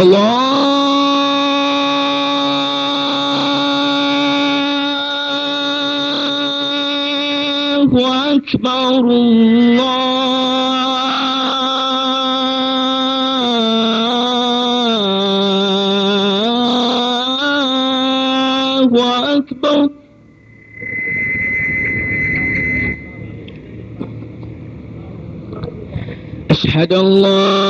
الله أكبر الله أكبر أشهد الله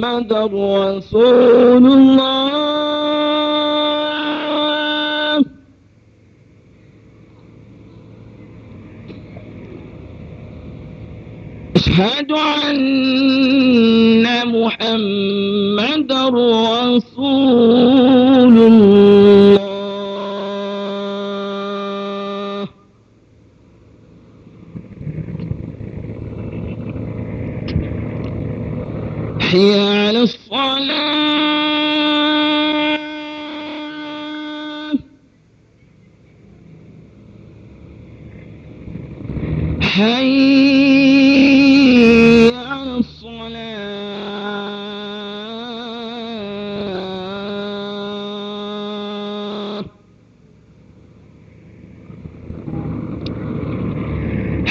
محمد رسول الله أشهد أن محمد رسول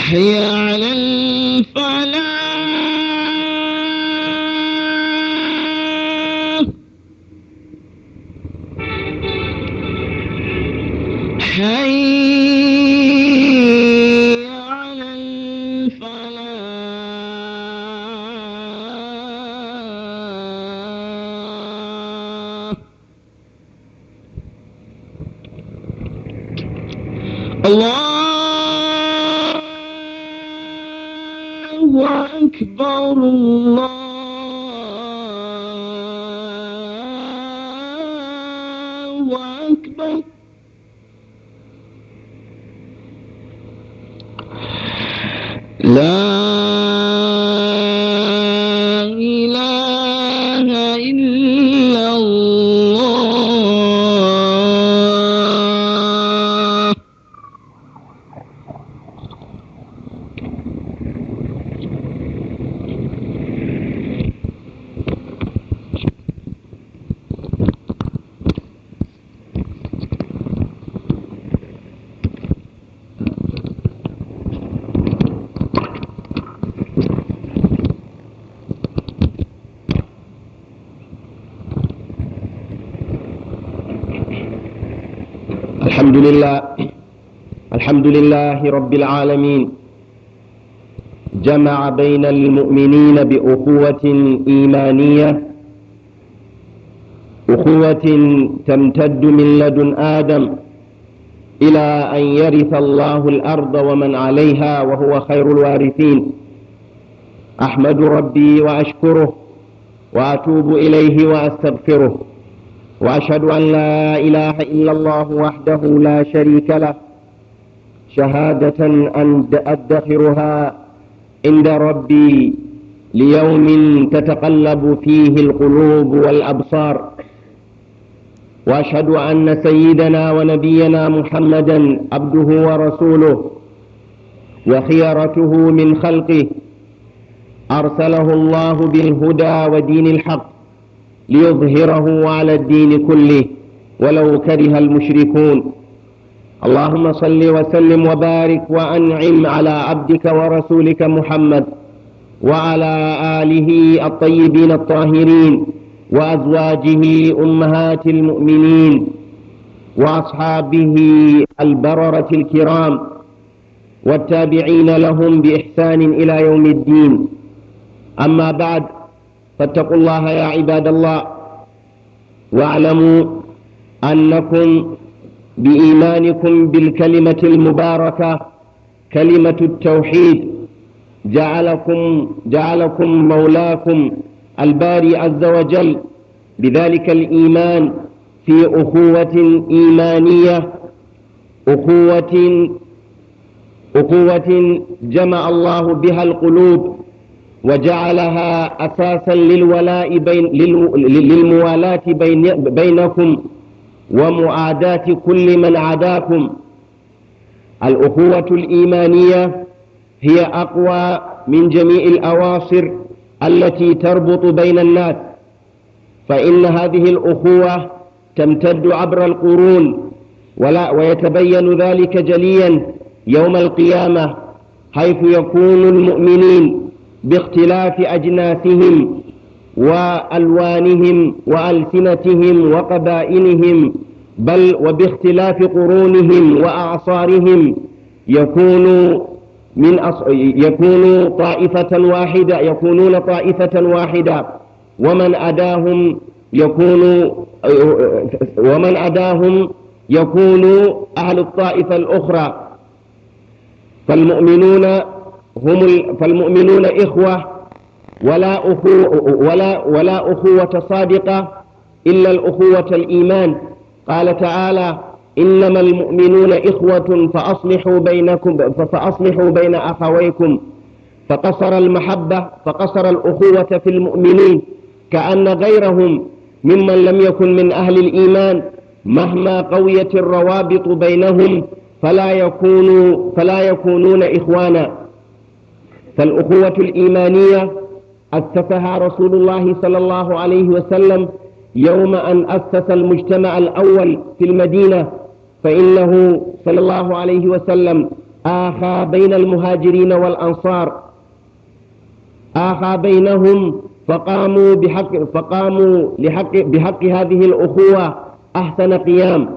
يحيى على الفلاح لله الحمد لله رب العالمين جمع بين المؤمنين بأخوة إيمانية أخوة تمتد من لدن آدم إلى أن يرث الله الأرض ومن عليها وهو خير الوارثين أحمد ربي وأشكره وأتوب إليه وأستغفره وأشهد أن لا إله إلا الله وحده لا شريك له شهادة أن أدخرها عند ربي ليوم تتقلب فيه القلوب والأبصار وأشهد أن سيدنا ونبينا محمدا عبده ورسوله وخيرته من خلقه أرسله الله بالهدى ودين الحق ليظهره على الدين كله ولو كره المشركون اللهم صل وسلم وبارك وأنعم على عبدك ورسولك محمد وعلى آله الطيبين الطاهرين وأزواجه أمهات المؤمنين وأصحابه البررة الكرام والتابعين لهم بإحسان إلى يوم الدين أما بعد فاتقوا الله يا عباد الله واعلموا أنكم بإيمانكم بالكلمة المباركة كلمة التوحيد جعلكم جعلكم مولاكم الباري عز وجل بذلك الإيمان في أخوة إيمانية أخوة أخوة جمع الله بها القلوب وجعلها أساسا للولاء بين للموالاة بين بينكم ومعاداة كل من عداكم الأخوة الإيمانية هي أقوى من جميع الأواصر التي تربط بين الناس فإن هذه الأخوة تمتد عبر القرون ولا ويتبين ذلك جليا يوم القيامة حيث يكون المؤمنين باختلاف أجناسهم وألوانهم وألسنتهم وقبائلهم بل وباختلاف قرونهم وأعصارهم يكون من أص... يكون طائفة واحدة يكونون طائفة واحدة ومن أداهم يكون ومن أداهم يكون أهل الطائفة الأخرى فالمؤمنون هم فالمؤمنون إخوة ولا أخوة, ولا, ولا أخوة صادقة إلا الأخوة الإيمان قال تعالى إنما المؤمنون إخوة فأصلحوا بينكم فأصلحوا بين أخويكم فقصر المحبة فقصر الأخوة في المؤمنين كأن غيرهم ممن لم يكن من أهل الإيمان مهما قويت الروابط بينهم فلا, يكونوا فلا يكونون إخوانا فالأخوة الإيمانية أسسها رسول الله صلى الله عليه وسلم يوم أن أسس المجتمع الأول في المدينة فإنه صلى الله عليه وسلم آخى بين المهاجرين والأنصار آخى بينهم فقاموا بحق فقاموا لحق بحق هذه الأخوة أحسن قيام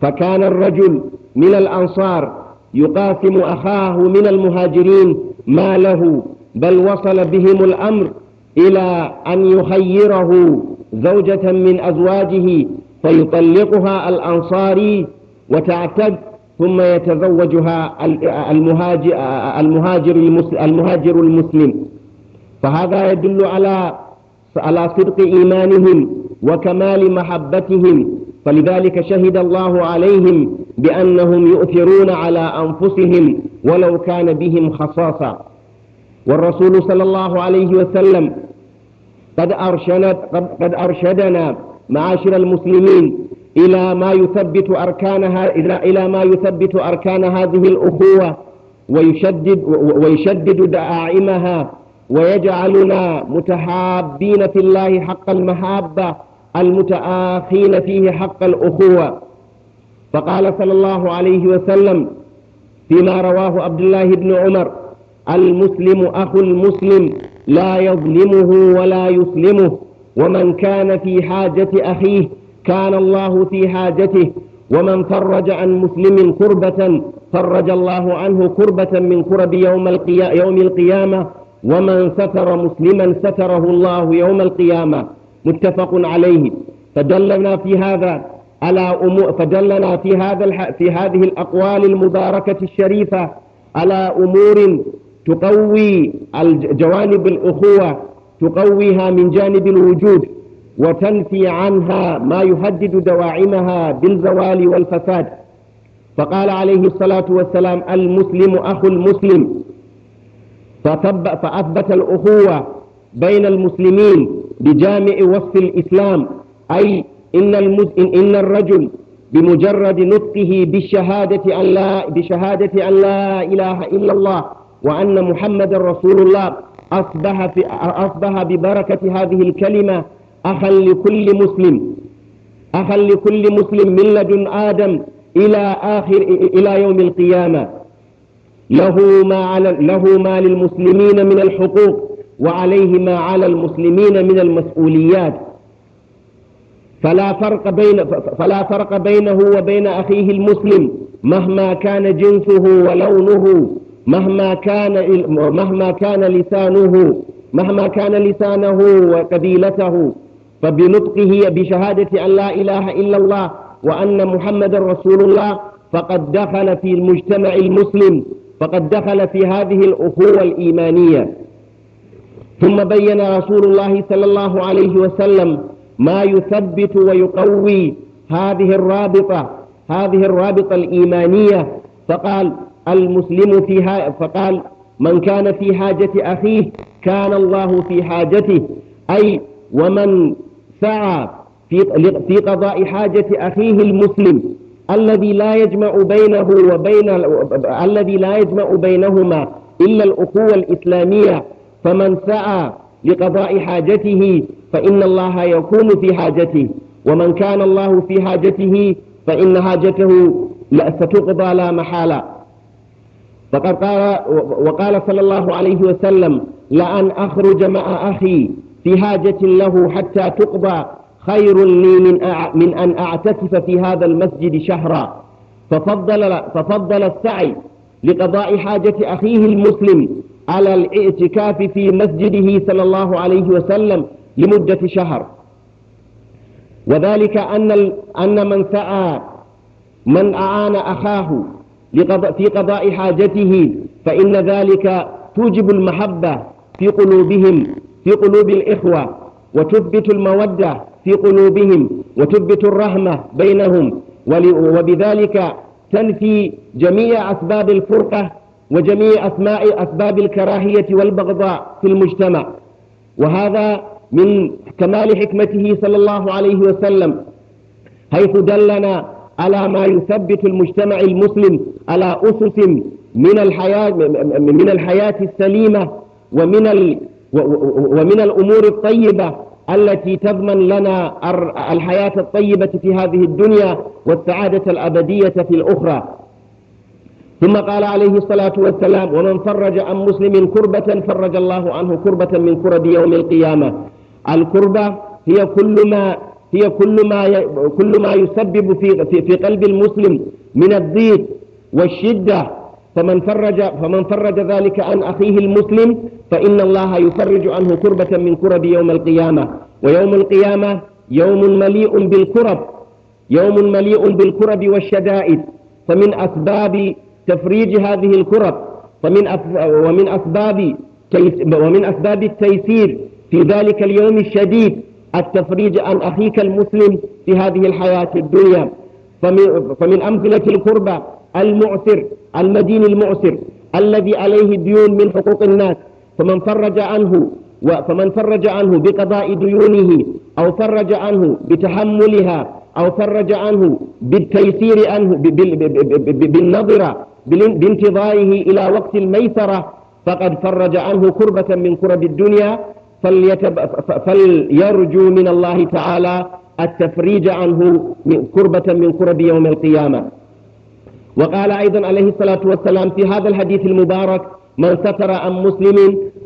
فكان الرجل من الأنصار يقاسم أخاه من المهاجرين ما له بل وصل بهم الأمر إلى أن يخيره زوجة من أزواجه فيطلقها الأنصاري وتعتد ثم يتزوجها المهاجر, المهاجر, المهاجر المسلم فهذا يدل على على صدق إيمانهم وكمال محبتهم فلذلك شهد الله عليهم بأنهم يؤثرون على أنفسهم ولو كان بهم خصاصة والرسول صلى الله عليه وسلم قد, أرشنت قد أرشدنا معاشر المسلمين إلى ما يثبت أركانها إلى ما يثبت أركان هذه الأخوة ويشدد ويشدد دعائمها ويجعلنا متحابين في الله حق المحبه المتآخين فيه حق الأخوة فقال صلى الله عليه وسلم فيما رواه عبد الله بن عمر المسلم أخو المسلم لا يظلمه ولا يسلمه ومن كان في حاجة أخيه كان الله في حاجته ومن فرج عن مسلم كربة فرج الله عنه كربة من كرب يوم, القيا يوم القيامة ومن ستر مسلما ستره الله يوم القيامة متفق عليه فدلنا في هذا على أمور فدلنا في هذا في هذه الأقوال المباركة الشريفة على أمور تقوي جوانب الأخوة تقويها من جانب الوجود وتنفي عنها ما يهدد دواعمها بالزوال والفساد فقال عليه الصلاة والسلام المسلم أخو المسلم فأثبت الأخوة بين المسلمين بجامع وصف الإسلام أي إن, المز... إن الرجل بمجرد نطقه بشهادة أن لا بشهادة أن لا إله إلا الله وأن محمد رسول الله أصبح في أصبح ببركة هذه الكلمة أخا لكل مسلم أخا لكل مسلم من لدن آدم إلى آخر إلى يوم القيامة له ما على له ما للمسلمين من الحقوق وعليه ما على المسلمين من المسؤوليات فلا فرق بين فلا فرق بينه وبين أخيه المسلم مهما كان جنسه ولونه مهما كان مهما كان لسانه مهما كان لسانه وقبيلته فبنطقه بشهادة أن لا إله إلا الله وأن محمد رسول الله فقد دخل في المجتمع المسلم فقد دخل في هذه الأخوة الإيمانية ثم بين رسول الله صلى الله عليه وسلم ما يثبت ويقوي هذه الرابطة هذه الرابطة الإيمانية فقال المسلم فيها فقال من كان في حاجة أخيه كان الله في حاجته أي ومن سعى في في قضاء حاجة أخيه المسلم الذي لا يجمع بينه وبين الذي لا يجمع بينهما إلا الأخوة الإسلامية فمن سعى لقضاء حاجته فإن الله يكون في حاجته ومن كان الله في حاجته فإن حاجته ستقضى لا محالة فقد قال وقال صلى الله عليه وسلم لأن أخرج مع أخي في حاجة له حتى تقضى خير لي من, من أن أعتكف في هذا المسجد شهرا ففضل, ففضل السعي لقضاء حاجة أخيه المسلم على الاعتكاف في مسجده صلى الله عليه وسلم لمدة شهر وذلك أن, أن من سعى من أعان أخاه في قضاء حاجته فإن ذلك توجب المحبة في قلوبهم في قلوب الإخوة وتثبت المودة في قلوبهم وتثبت الرحمة بينهم وبذلك تنفي جميع أسباب الفرقة وجميع أسماء أسباب الكراهية والبغضاء في المجتمع وهذا من كمال حكمته صلى الله عليه وسلم حيث دلنا على ما يثبت المجتمع المسلم على أسس من الحياة, من الحياة السليمة ومن, ال ومن الأمور الطيبة التي تضمن لنا الحياة الطيبة في هذه الدنيا والسعادة الأبدية في الأخرى ثم قال عليه الصلاة والسلام ومن فرج عن مسلم كربة فرج الله عنه كربة من كرب يوم القيامة الكربة هي كل ما هي كل ما كل ما يسبب في في قلب المسلم من الضيق والشدة فمن فرج فمن فرج ذلك عن أخيه المسلم فإن الله يفرج عنه كربة من كرب يوم القيامة ويوم القيامة يوم مليء بالكرب يوم مليء بالكرب والشدائد فمن أسباب تفريج هذه الكرب فمن ومن أسباب ومن أسباب التيسير في ذلك اليوم الشديد التفريج عن أخيك المسلم في هذه الحياة الدنيا فمن, فمن أمثلة الكربة المعسر المدين المعسر الذي عليه ديون من حقوق الناس فمن فرج عنه فمن فرج عنه بقضاء ديونه أو فرج عنه بتحملها أو فرج عنه بالتيسير عنه بالنظرة بانتظاره إلى وقت الميسرة فقد فرج عنه كربة من كرب الدنيا فليرجو من الله تعالى التفريج عنه من كربة من كرب يوم القيامة وقال أيضا عليه الصلاة والسلام في هذا الحديث المبارك من ستر عن مسلم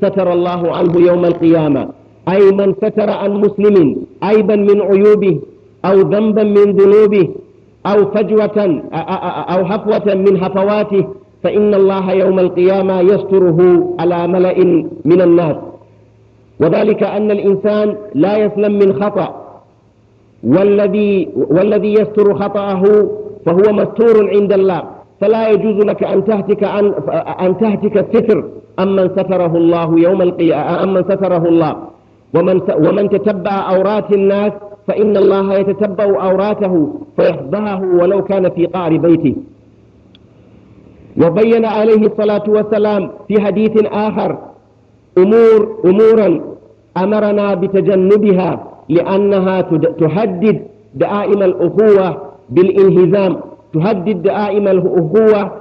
ستر الله عنه يوم القيامة أي من ستر عن مسلم عيبا من عيوبه أو ذنبا من ذنوبه أو فجوة أو هفوة من هفواته فإن الله يوم القيامة يستره على ملأ من الناس وذلك أن الإنسان لا يسلم من خطأ والذي, والذي يستر خطأه فهو مستور عند الله فلا يجوز لك أن تهتك, عن أن تهتك الستر أمن ستره الله يوم القيامة أمن ستره الله ومن, ومن تتبع أورات الناس فإن الله يتتبع أوراته فيحضاه ولو كان في قعر بيته وبين عليه الصلاة والسلام في حديث آخر أمور أمورا أمرنا بتجنبها لأنها تهدد دعائم الأخوة بالانهزام تهدد دعائم الأخوة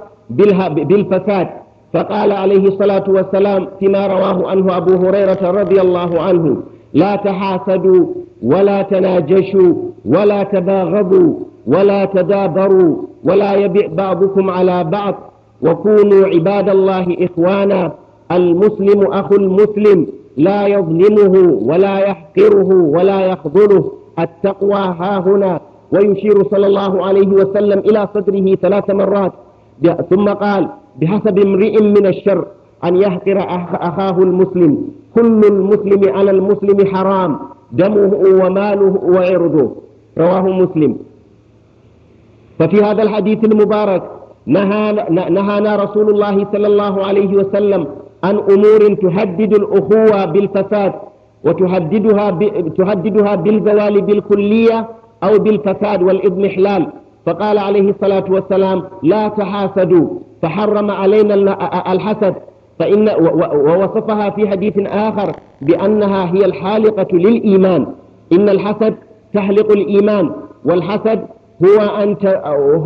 بالفساد فقال عليه الصلاة والسلام فيما رواه عنه أبو هريرة رضي الله عنه لا تحاسدوا ولا تناجشوا ولا تباغضوا ولا تدابروا ولا يبع بعضكم على بعض وكونوا عباد الله إخوانا المسلم أخو المسلم لا يظلمه ولا يحقره ولا يخذله التقوى ها هنا ويشير صلى الله عليه وسلم إلى صدره ثلاث مرات ثم قال بحسب امرئ من الشر أن يحقر أخاه المسلم كل المسلم على المسلم حرام دمه وماله وعرضه رواه مسلم ففي هذا الحديث المبارك نهانا رسول الله صلى الله عليه وسلم عن أمور تهدد الأخوة بالفساد وتهددها تهددها بالزوال بالكلية أو بالفساد والإضمحلال فقال عليه الصلاة والسلام لا تحاسدوا فحرم علينا الحسد فإن ووصفها في حديث آخر بأنها هي الحالقة للإيمان إن الحسد تحلق الإيمان والحسد هو أن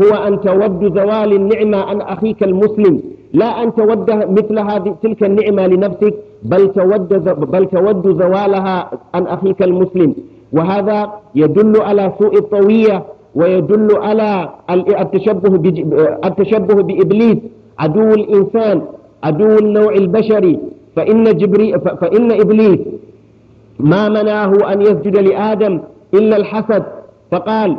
هو أن تود زوال النعمة عن أخيك المسلم لا أن تود مثل هذه تلك النعمة لنفسك بل تود بل تود زوالها عن أخيك المسلم وهذا يدل على سوء الطوية ويدل على التشبه التشبه بإبليس عدو الإنسان عدو النوع البشري فإن, جبري فإن إبليس ما مناه أن يسجد لآدم إلا الحسد فقال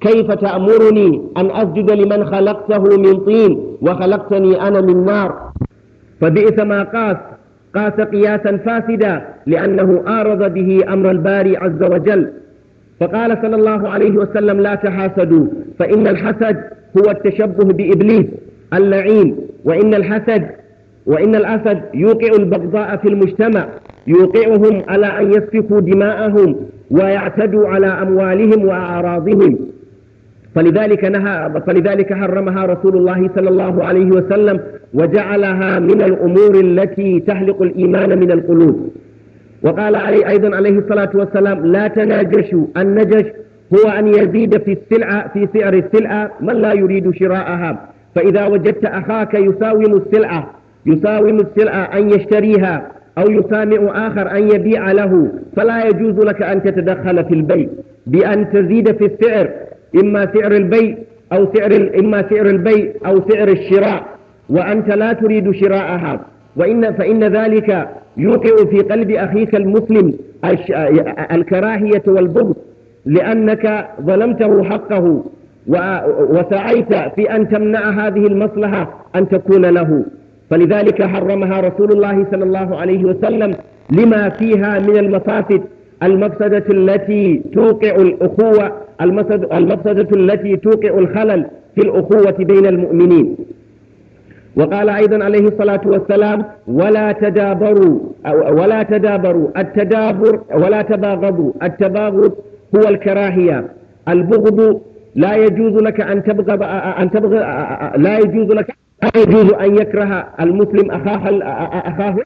كيف تأمرني أن أسجد لمن خلقته من طين وخلقتني أنا من نار فبئس ما قاس قاس قياسا فاسدا لأنه آرض به أمر الباري عز وجل فقال صلى الله عليه وسلم لا تحاسدوا فإن الحسد هو التشبه بإبليس اللعين وإن الحسد وإن الأسد يوقع البغضاء في المجتمع يوقعهم على أن يسفكوا دماءهم ويعتدوا على أموالهم وأعراضهم فلذلك, نهى فلذلك حرمها رسول الله صلى الله عليه وسلم وجعلها من الأمور التي تحلق الإيمان من القلوب وقال علي أيضا عليه الصلاة والسلام لا تناجشوا النجش هو أن يزيد في السلعة في سعر السلعة من لا يريد شراءها فإذا وجدت أخاك يساوم السلعة يساوم السلعة أن يشتريها أو يسامع آخر أن يبيع له فلا يجوز لك أن تتدخل في البيع بأن تزيد في السعر إما سعر البيع أو سعر إما سعر البيع أو سعر الشراء وأنت لا تريد شراءها وإن فإن ذلك يوقع في قلب أخيك المسلم الكراهية والبغض لأنك ظلمته حقه وسعيت في أن تمنع هذه المصلحة أن تكون له فلذلك حرمها رسول الله صلى الله عليه وسلم لما فيها من المفاسد المفسدة التي توقع الأخوة المفسدة التي توقع الخلل في الأخوة بين المؤمنين وقال أيضا عليه الصلاة والسلام ولا تدابروا ولا تدابروا التدابر ولا تباغضوا التباغض هو الكراهية البغض لا يجوز لك أن تبغض أن تبغض لا يجوز لك أيجوز أن يكره المسلم أخاه, أخاه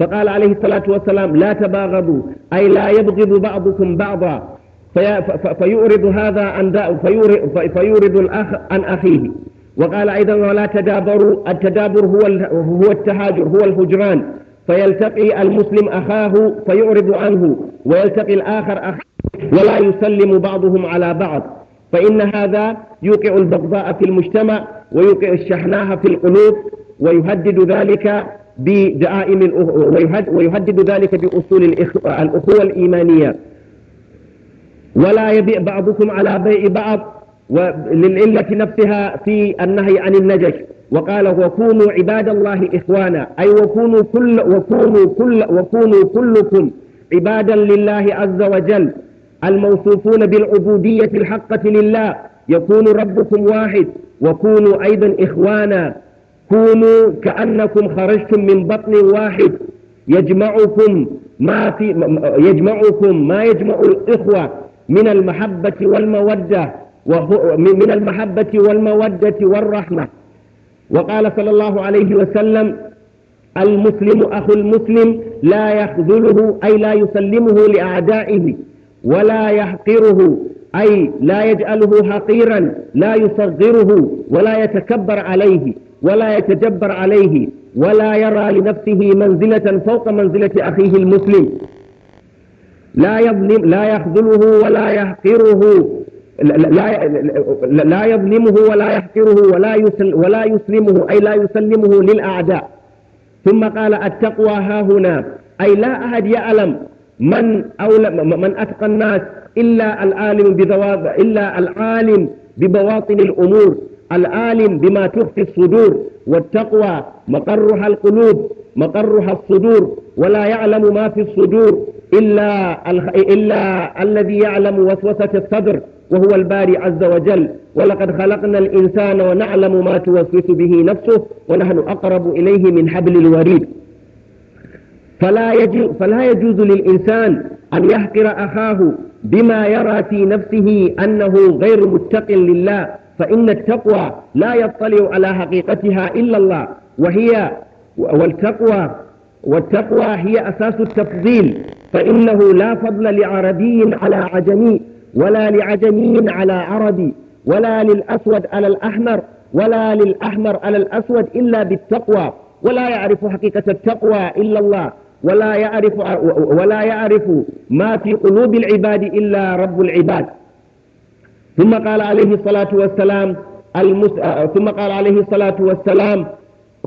فقال عليه الصلاة والسلام لا تباغضوا أي لا يبغض بعضكم بعضا في فيورد هذا عن فيورد, فيورد الأخ عن أخيه وقال أيضا ولا تدابروا التدابر هو هو التهاجر هو الهجران فيلتقي المسلم أخاه فيعرض عنه ويلتقي الآخر أخيه ولا يسلم بعضهم على بعض فإن هذا يوقع البغضاء في المجتمع ويوقع الشحناء في القلوب ويهدد ذلك بدعائم ويهدد ذلك بأصول الأخوة الإيمانية ولا يبيع بعضكم على بيع بعض للعلة نفسها في النهي عن النجش وقال وكونوا عباد الله إخوانا أي وكونوا كل وكونوا كل وكونوا كلكم عبادا لله عز وجل الموصوفون بالعبودية الحقة لله يكون ربكم واحد وكونوا أيضا إخوانا كونوا كأنكم خرجتم من بطن واحد يجمعكم ما, في يجمعكم ما يجمع الإخوة من المحبة والمودة من المحبة والمودة والرحمة وقال صلى الله عليه وسلم المسلم أخو المسلم لا يخذله أي لا يسلمه لأعدائه ولا يحقره أي لا يجعله حقيرا لا يصغره ولا يتكبر عليه ولا يتجبر عليه ولا يرى لنفسه منزلة فوق منزلة أخيه المسلم لا يظلم لا يخذله ولا يحقره لا لا يظلمه ولا يحقره ولا يسل ولا يسلمه أي لا يسلمه للأعداء ثم قال التقوى ها هنا أي لا أحد يعلم من أولى من أتقى الناس إلا العالم بذواب إلا العالم ببواطن الأمور العالم بما تخفي الصدور والتقوى مقرها القلوب مقرها الصدور ولا يعلم ما في الصدور إلا, إلا الذي يعلم وسوسة الصدر وهو الباري عز وجل ولقد خلقنا الإنسان ونعلم ما توسوس به نفسه ونحن أقرب إليه من حبل الوريد فلا, يجوز فلا يجوز للإنسان أن يحقر أخاه بما يرى في نفسه أنه غير متق لله فإن التقوى لا يطلع على حقيقتها إلا الله وهي والتقوى والتقوى هي أساس التفضيل فإنه لا فضل لعربي على عجمي ولا لعجمي على عربي ولا للأسود على الأحمر ولا للأحمر على الأسود إلا بالتقوى ولا يعرف حقيقة التقوى إلا الله ولا يعرف ولا يعرف ما في قلوب العباد إلا رب العباد ثم قال عليه الصلاة والسلام المس... آه، آه، ثم قال عليه الصلاة والسلام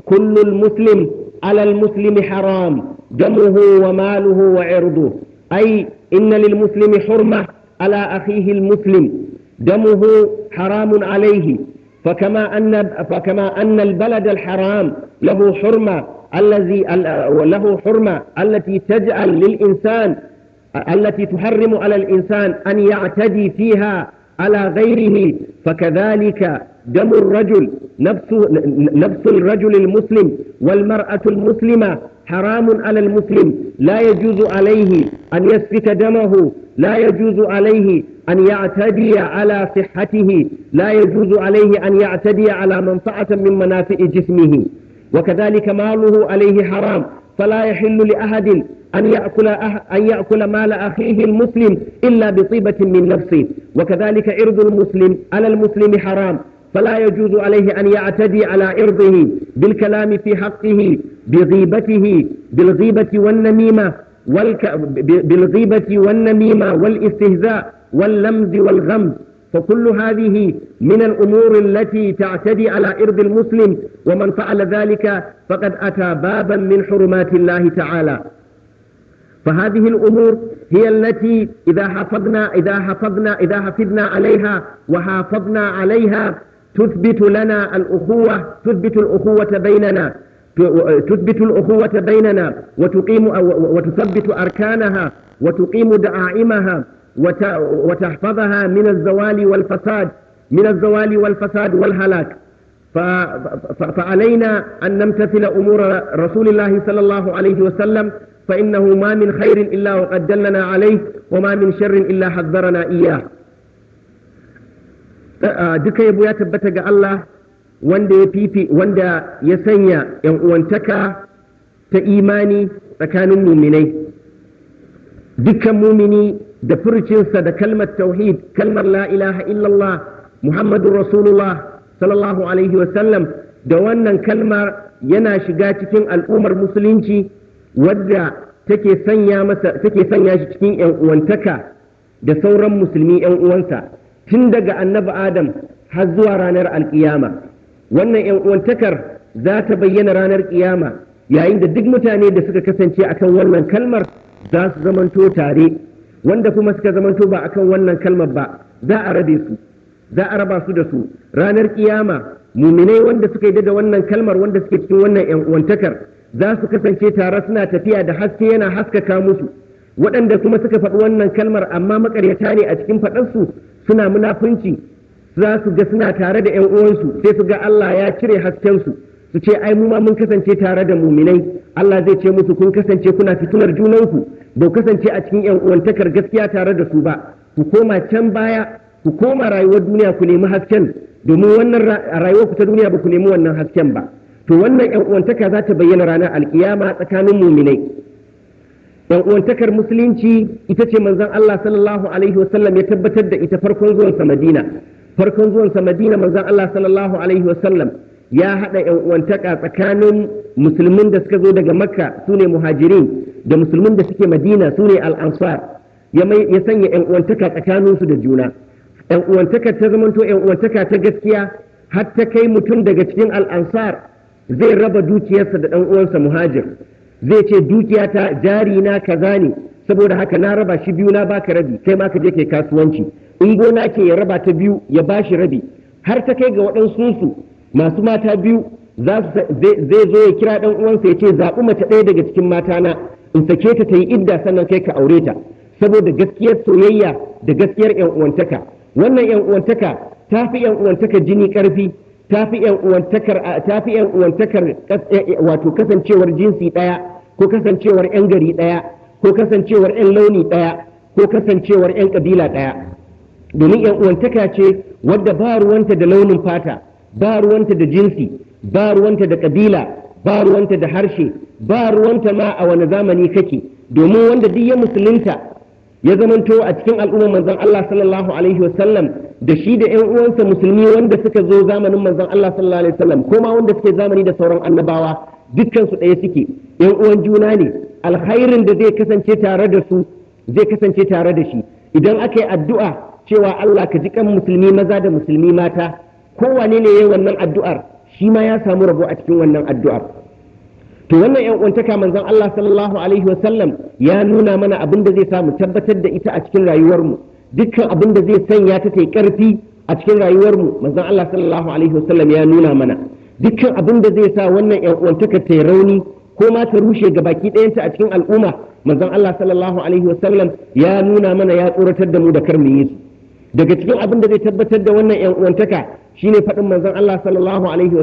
كل المسلم على المسلم حرام دمه وماله وعرضه أي إن للمسلم حرمة على أخيه المسلم دمه حرام عليه فكما أن, فكما أن البلد الحرام له حرمة الذي وله حرمة التي تجعل للإنسان التي تحرم على الإنسان أن يعتدي فيها على غيره فكذلك دم الرجل نفس, نفس الرجل المسلم والمرأة المسلمة حرام على المسلم لا يجوز عليه أن يسفك دمه لا يجوز عليه أن يعتدي على صحته لا يجوز عليه أن يعتدي على منفعة من منافع جسمه وكذلك ماله عليه حرام فلا يحل لأحد أن يأكل, أه... أن يأكل مال أخيه المسلم إلا بطيبة من نفسه وكذلك عرض المسلم على المسلم حرام فلا يجوز عليه أن يعتدي على عرضه بالكلام في حقه بغيبته بالغيبة والنميمة والك... بالغيبة والنميمة والاستهزاء واللمز والغمز فكل هذه من الأمور التي تعتدي على إرض المسلم ومن فعل ذلك فقد أتى بابا من حرمات الله تعالى فهذه الأمور هي التي إذا حفظنا إذا حفظنا إذا حفظنا عليها وحافظنا عليها تثبت لنا الأخوة تثبت الأخوة بيننا تثبت الأخوة بيننا وتقيم وتثبت أركانها وتقيم دعائمها وتحفظها من الزوال والفساد من الزوال والفساد والهلاك فعلينا أن نمتثل أمور رسول الله صلى الله عليه وسلم فإنه ما من خير إلا وقد دلنا عليه وما من شر إلا حذرنا إياه duka yabo ya tabbata ga Allah wanda ya fifi wanda ya sanya ‘yan uwantaka ta imani tsakanin muminai dukkan mumini da furcinsa da kalmar tauhid kalmar la ilaha illallah Muhammadu rasulullah sallallahu alaihi wasallam da wannan kalmar yana shiga cikin al'ummar musulunci wadda take sanya masa take sanya shi cikin yan uwantaka da sauran musulmi yan uwansa tun daga annabi adam har zuwa ranar alkiyama wannan yan uwantakar za ta bayyana ranar kiyama yayin da duk mutane da suka kasance akan wannan kalmar za su zamanto tare wanda kuma suka zamanto ba akan wannan kalmar ba za a rabe su za a raba su da su ranar kiyama muminai wanda suka yi da wannan kalmar wanda suke cikin wannan yan uwantakar za su kasance tare suna tafiya da haske yana haskaka musu waɗanda kuma suka faɗi wannan kalmar amma makaryata ne a cikin faɗarsu suna munafunci za su ga suna tare da yan uwansu sai su ga Allah ya cire haskensu su ce ai mu ma mun kasance tare da muminai Allah zai ce musu kun kasance kuna fitinar junanku ba kasance a cikin yan uwantakar gaskiya tare da su ba ku koma can baya ku koma rayuwar duniya ku nemi hasken domin wannan rayuwar ku ta duniya ba ku nemi wannan hasken ba to wannan yan uwantaka za ta bayyana ranar alkiyama tsakanin muminai yan uwantakar musulunci ita ce manzon Allah sallallahu alaihi wasallam ya tabbatar da ita farkon zuwansa Madina farkon zuwansa Madina manzon Allah sallallahu alaihi wasallam ya haɗa yan uwantaka tsakanin musulmin da suka zo daga makka su ne muhajirin da musulmin da suke madina su ne al'ansar ya sanya ƴan uwantaka tsakaninsu da juna yan uwantaka ta zamanto ƴan uwantaka ta gaskiya har ta kai mutum daga cikin al'ansar zai raba dukiyarsa da ɗan uwansa muhajir zai ce dukiyata jari na kaza ne saboda haka na raba shi biyu na baka rabi kai ma ka je kai kasuwanci in gona ke ya raba ta biyu ya bashi rabi har ta kai ga waɗansu su masu mata biyu zai zo ya kira ɗan uwansa ya ce zaɓi mace ɗaya daga cikin mata na in sake ta ta yi idda sannan kai ka aure ta saboda gaskiyar soyayya da gaskiyar yan uwantaka wannan yan uwantaka ta fi yan uwantaka jini ƙarfi ta fi yan uwantakar ta fi yan uwantakar wato kasancewar jinsi ɗaya ko kasancewar yan gari ɗaya ko kasancewar yan launi ɗaya ko kasancewar yan ƙabila ɗaya domin yan uwantaka ce wadda ba ruwanta da launin fata ba ruwanta da jinsi ba ruwanta da kabila ba ruwanta da harshe ba ruwanta ma a wani zamani kake domin wanda duk ya musulunta ya zamanto a cikin al'ummar manzon Allah sallallahu alaihi wasallam da shi da ƴan uwansa musulmi wanda suka zo zamanin manzon Allah sallallahu alaihi wasallam ko ma wanda suke zamani da sauran annabawa dukkan su ɗaya suke ƴan uwan juna ne alkhairin da zai kasance tare da su zai kasance tare da shi idan aka yi addu'a cewa Allah ka ji kan musulmi maza da musulmi mata kowane ne yayin wannan addu'ar shi ma ya samu rabo a cikin wannan addu'ar to wannan yan uwantaka manzon Allah sallallahu alaihi wa sallam ya nuna mana abin da zai samu tabbatar da ita a cikin rayuwarmu dukkan abin da zai sanya ta tai karfi a cikin rayuwarmu manzon Allah sallallahu alaihi wa sallam ya nuna mana dukkan abin da zai sa wannan yan uwantaka ta rauni ko ma ta rushe ga baki ɗayanta a cikin al'umma manzon Allah sallallahu alaihi wa sallam ya nuna mana ya tsoratar da mu da kar mu yi su daga cikin abin da zai tabbatar da wannan yan uwantaka shine faɗin manzon Allah sallallahu alaihi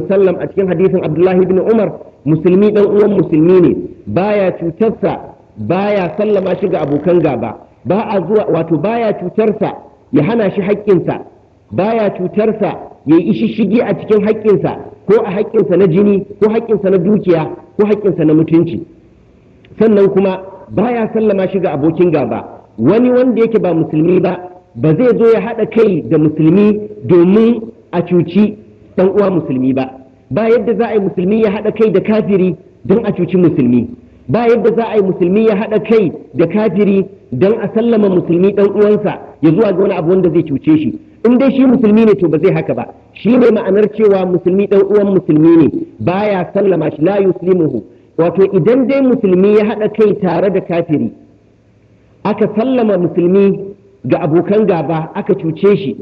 a cikin hadisin Abdullahi ibn Umar musulmi dan uwan musulmi ne baya cutarsa baya sallama shi ga abokan gaba ba a zuwa wato baya cutarsa ya hana shi haƙƙinsa baya cutarsa ya yi a cikin haƙƙinsa ko a haƙƙinsa na jini ko haƙƙinsa na dukiya ko haƙƙinsa na mutunci sannan kuma baya sallama shi ga abokin gaba wani wanda yake ba musulmi ba ba zai zo ya haɗa kai da musulmi domin a cuci dan uwa musulmi ba ba yadda za a yi musulmi ya haɗa kai da kafiri don a cuci musulmi ba yadda za a yi musulmi ya haɗa kai da kafiri don a sallama musulmi ɗan uwansa ya zuwa ga wani abu wanda zai cuce shi in dai shi musulmi ne to ba zai haka ba shi ne ma'anar cewa musulmi dan uwan musulmi ne baya sallama shi la yuslimuhu wato idan dai musulmi ya haɗa kai tare da kafiri aka sallama musulmi ga abokan gaba aka cuce shi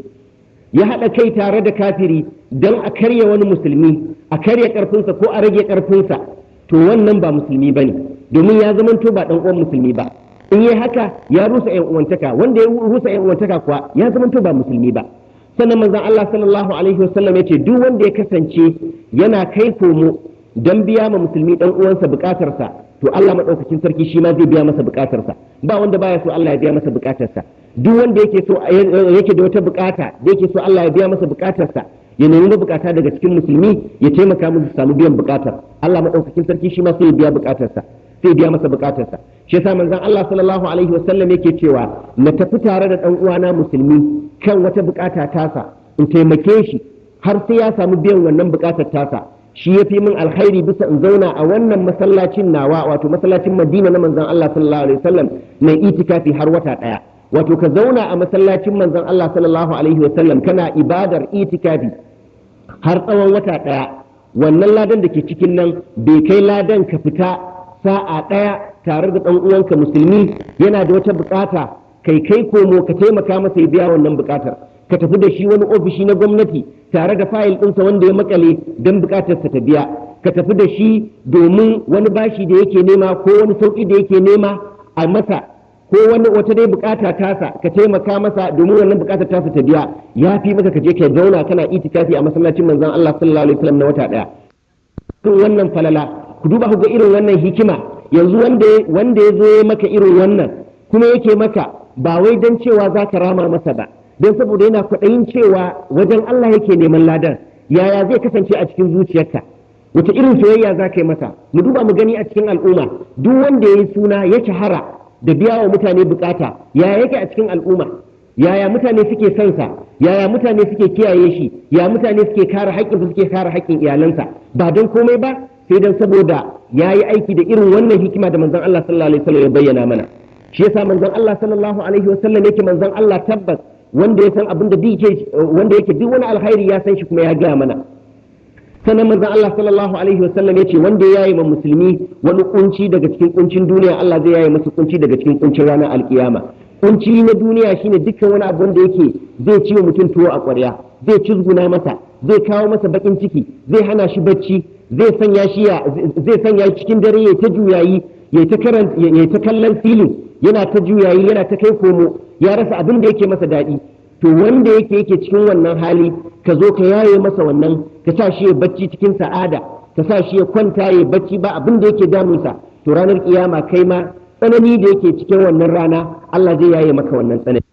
ya haɗa kai tare da kafiri don a karya wani musulmi a karya ƙarfinsa ko a rage ƙarfinsa to wannan ba musulmi ba ne domin ya zamanto ba ɗan uwan musulmi ba in yi haka ya rusa yan uwantaka wanda ya rusa yan uwantaka kuwa ya zamanto ba musulmi ba sannan manzon Allah sallallahu alaihi wasallam ce duk wanda ya kasance yana kai komo don biya ma musulmi ɗan'uwansa uwansa bukatarsa to Allah madaukakin sarki shi ma zai biya masa buƙatarsa. ba wanda baya so Allah ya biya masa buƙatarsa. duk wanda yake so yake da wata bukata da yake so Allah ya biya masa bukatarsa ya nemi bukata daga cikin musulmi ya taimaka musu samu biyan bukatar Allah madaukakin sarki shi ma sai ya biya bukatarsa sai biya masa bukatarsa shi yasa manzon Allah sallallahu alaihi wasallam yake cewa na tafi tare da dan uwana musulmi kan wata bukata tasa in taimake shi har sai ya samu biyan wannan bukatar tasa shi ya fi min alkhairi bisa in zauna a wannan masallacin nawa wato masallacin madina na manzon Allah sallallahu alaihi wasallam na itikafi har wata daya wato ka zauna a masallacin manzon Allah sallallahu alaihi sallam kana ibadar itikafi har tsawon wata ɗaya wannan ladan da ke cikin nan bai kai ladan ka fita sa'a ɗaya tare da ɗan uwanka musulmi yana da wata bukata kai kai komo ka taimaka masa ya biya wannan bukatar ka tafi da shi wani ofishi na gwamnati tare da fayil ɗinsa wanda ya makale don bukatarsa ta biya ka tafi da shi domin wani bashi da yake nema ko wani sauƙi da yake nema a masa ko wani wata dai bukata tasa ka taimaka masa domin wannan bukata tasa ta biya ya fi maka ka je ka zauna kana itikafi a masallacin manzon Allah sallallahu alaihi wasallam na wata daya to wannan falala ku duba ku ga irin wannan hikima yanzu wanda wanda ya zo ya maka irin wannan kuma yake maka ba wai dan cewa za ka rama masa ba dan saboda yana kwaɗayin cewa wajen Allah yake neman ladan yaya zai kasance a cikin zuciyarka wata irin soyayya za ka yi masa mu duba mu gani a cikin al'umma duk wanda ya yi suna ya shahara da biya wa mutane bukata yaya yake a cikin al'umma yaya mutane suke son sa yaya mutane suke kiyaye shi ya mutane suke kare haƙƙin suke kare haƙƙin iyalansa ba don komai ba sai dan saboda yayi aiki da irin wannan hikima da manzon Allah sallallahu alaihi wasallam ya bayyana mana shi yasa manzon Allah sallallahu alaihi wasallam yake manzon Allah tabbas wanda ya san abin da wanda yake duk wani alkhairi ya san shi kuma ya gaya mana sanan manzo Allah sallallahu alaihi wasallam yace wanda ya wa musulmi wani kunci daga cikin kuncin duniya Allah zai yayi masa kunci daga cikin kuncin ranar alkiyama kunci na duniya shine dukkan wani abu da yake zai wa mutum tuwo a ƙwarya zai cizguna masa zai kawo masa bakin ciki zai hana shi bacci zai sanya shi zai sanya cikin dare ya ta juyayi ya ta karanta ya ta kallon filin yana ta juyayi yana ta kai komo ya rasa abin da yake masa daɗi to wanda yake yake cikin wannan hali ka zo ka yaye masa wannan ka sa shi ya bacci cikin sa'ada ka sa shi ya kwanta ya bacci ba abin da yake damunsa to ranar kiyama kai ma tsanani da yake cikin wannan rana Allah zai yaye maka wannan tsanani